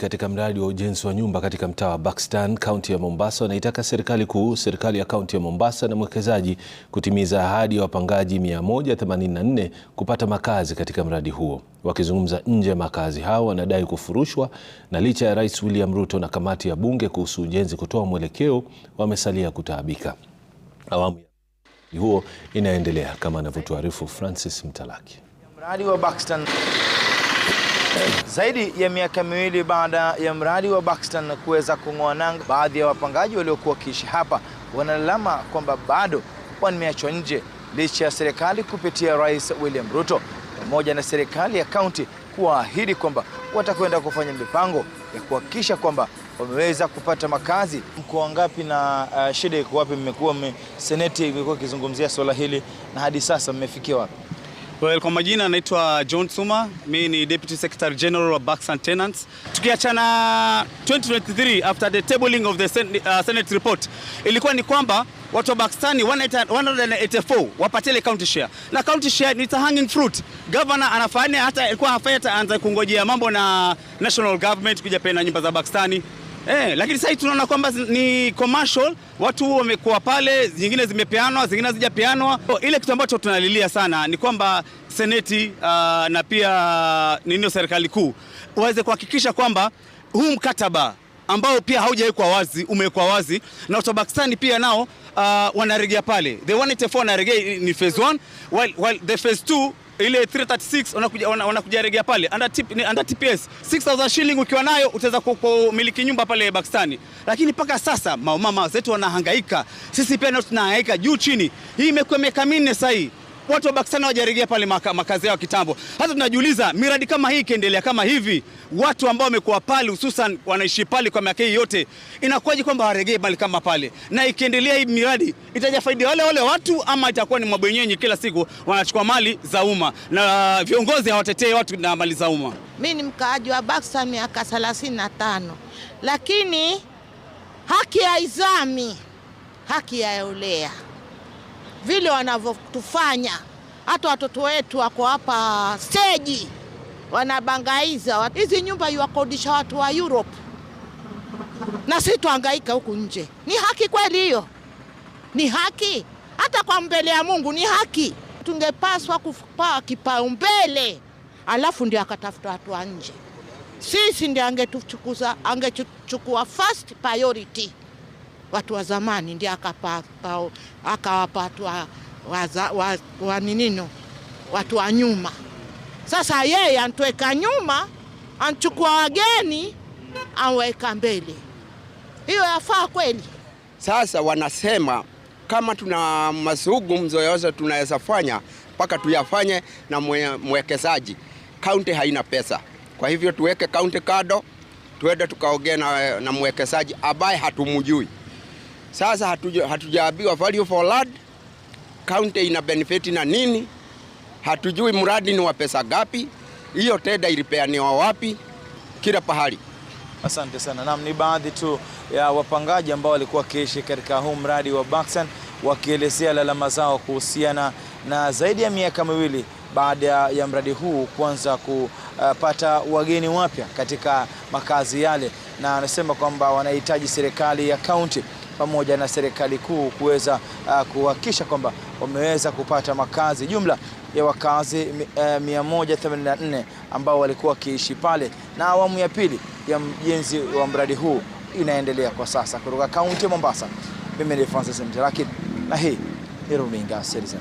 Katika mradi wa ujenzi wa nyumba katika mtaa wa Buxton, kaunti ya Mombasa, wanaitaka serikali kuu, serikali ya kaunti ya Mombasa na mwekezaji kutimiza ahadi ya wapangaji 184 kupata makazi katika mradi huo. Wakizungumza nje ya makazi hao, wanadai kufurushwa, na licha ya Rais William Ruto na kamati ya bunge kuhusu ujenzi kutoa mwelekeo, wamesalia kutaabika. Awamu ya huo inaendelea, kama anavyotuarifu Francis Mtalaki. Mradi wa Buxton zaidi ya miaka miwili baada ya mradi wa Buxton kuweza kung'oa nanga, baadhi ya wapangaji waliokuwa wakiishi hapa wanalalama kwamba bado wameachwa nje licha ya serikali kupitia Rais William Ruto pamoja na serikali ya kaunti kuwaahidi kwamba watakwenda kufanya mipango ya kuhakikisha kwamba wameweza kupata makazi. Mko wangapi na uh, shida iko wapi? Mmekuwa seneti imekuwa ikizungumzia swala hili na hadi sasa mmefikia wapi? Well, kwa majina naitwa John Suma, mi ni Deputy Secretary General wa Banks and Tenants. Tukiachana 2023 after the tabling of the uh, Senate, report ilikuwa ni kwamba watu wa Pakistani 184 wapatele county share na county share ni hanging fruit. Governor anafanya hata alikuwa hafanya, anza kungojea mambo na national government kuja pena nyumba za Pakistani. Eh, lakini sasa tunaona kwamba ni commercial, watu wamekuwa pale, zingine zimepeanwa, zingine hazijapeanwa. Ile kitu ambacho tunalilia sana ni kwamba seneti uh, na pia ah, nini, serikali kuu waweze kuhakikisha kwamba huu mkataba ambao pia haujawekwa wazi umewekwa wazi na Utabakistani pia nao uh, wanaregea pale, the 184 wanarejea ni phase 1 while, while the phase 2 ile 336 unakuja unakuja regea pale under tip ni under TPS 6000 shilling ukiwa nayo utaweza kumiliki nyumba pale Pakistani. Lakini mpaka sasa mama zetu wanahangaika, sisi pia nao tunahangaika juu chini. Hii imekuwa miaka minne sasa hii watu wa Baksana wajarejea pale makazi yao kitambo. Hata tunajiuliza miradi kama hii ikiendelea kama hivi, watu ambao wamekuwa pale hususan wanaishi pale kwa miaka hii yote, inakuwaje kwamba waregee mali kama pale? Na ikiendelea hii miradi itajafaidi wale wale watu ama itakuwa ni mabwenyenye kila siku wanachukua mali za umma na viongozi hawatetei watu na mali za umma? Mimi ni mkaaji wa Pakistan miaka tano, lakini haki izami haki yaolea vile wanavyotufanya. Hata watoto wetu wako hapa steji wanabangaiza. Hizi nyumba yuwakodisha watu wa Europe na si tuangaika huku nje. Ni haki kweli hiyo? Ni haki hata kwa mbele ya Mungu ni haki. Tungepaswa kupaa kipaumbele, alafu ndio akatafuta watu wa nje. Sisi ndio angetuchukuza, angechukua first priority watu wa zamani ndio akawapa watu wa, wa, wa, wa ninino watu wa nyuma. Sasa yeye antuweka nyuma, anchukua wageni anweka mbele, hiyo yafaa kweli? Sasa wanasema kama tuna mazungumzo mzoyozo tunaweza fanya mpaka tuyafanye na mwekezaji. Kaunti haina pesa, kwa hivyo tuweke kaunti kado, tuende tukaongea na, na mwekezaji ambaye hatumjui. Sasa hatuja, hatujaambiwa value for land, county ina benefit na nini, hatujui mradi ni wa pesa gapi, hiyo tenda ilipeaniwa wapi, kila pahali. Asante sana. Naam, ni baadhi tu ya wapangaji ambao walikuwa wakiishi katika huu mradi wa Baksan wakielezea lalama zao kuhusiana na zaidi ya miaka miwili baada ya mradi huu kuanza kupata wageni wapya katika makazi yale, na anasema kwamba wanahitaji serikali ya kaunti pamoja na serikali kuu kuweza uh, kuhakikisha kwamba wameweza kupata makazi. Jumla ya wakazi uh, eh, 184 ambao walikuwa wakiishi pale, na awamu ya pili ya mjenzi wa mradi huu inaendelea kwa sasa. Kutoka kaunti ya Mombasa, mimi ni Francis Mtalaki na hii ni runinga Citizen.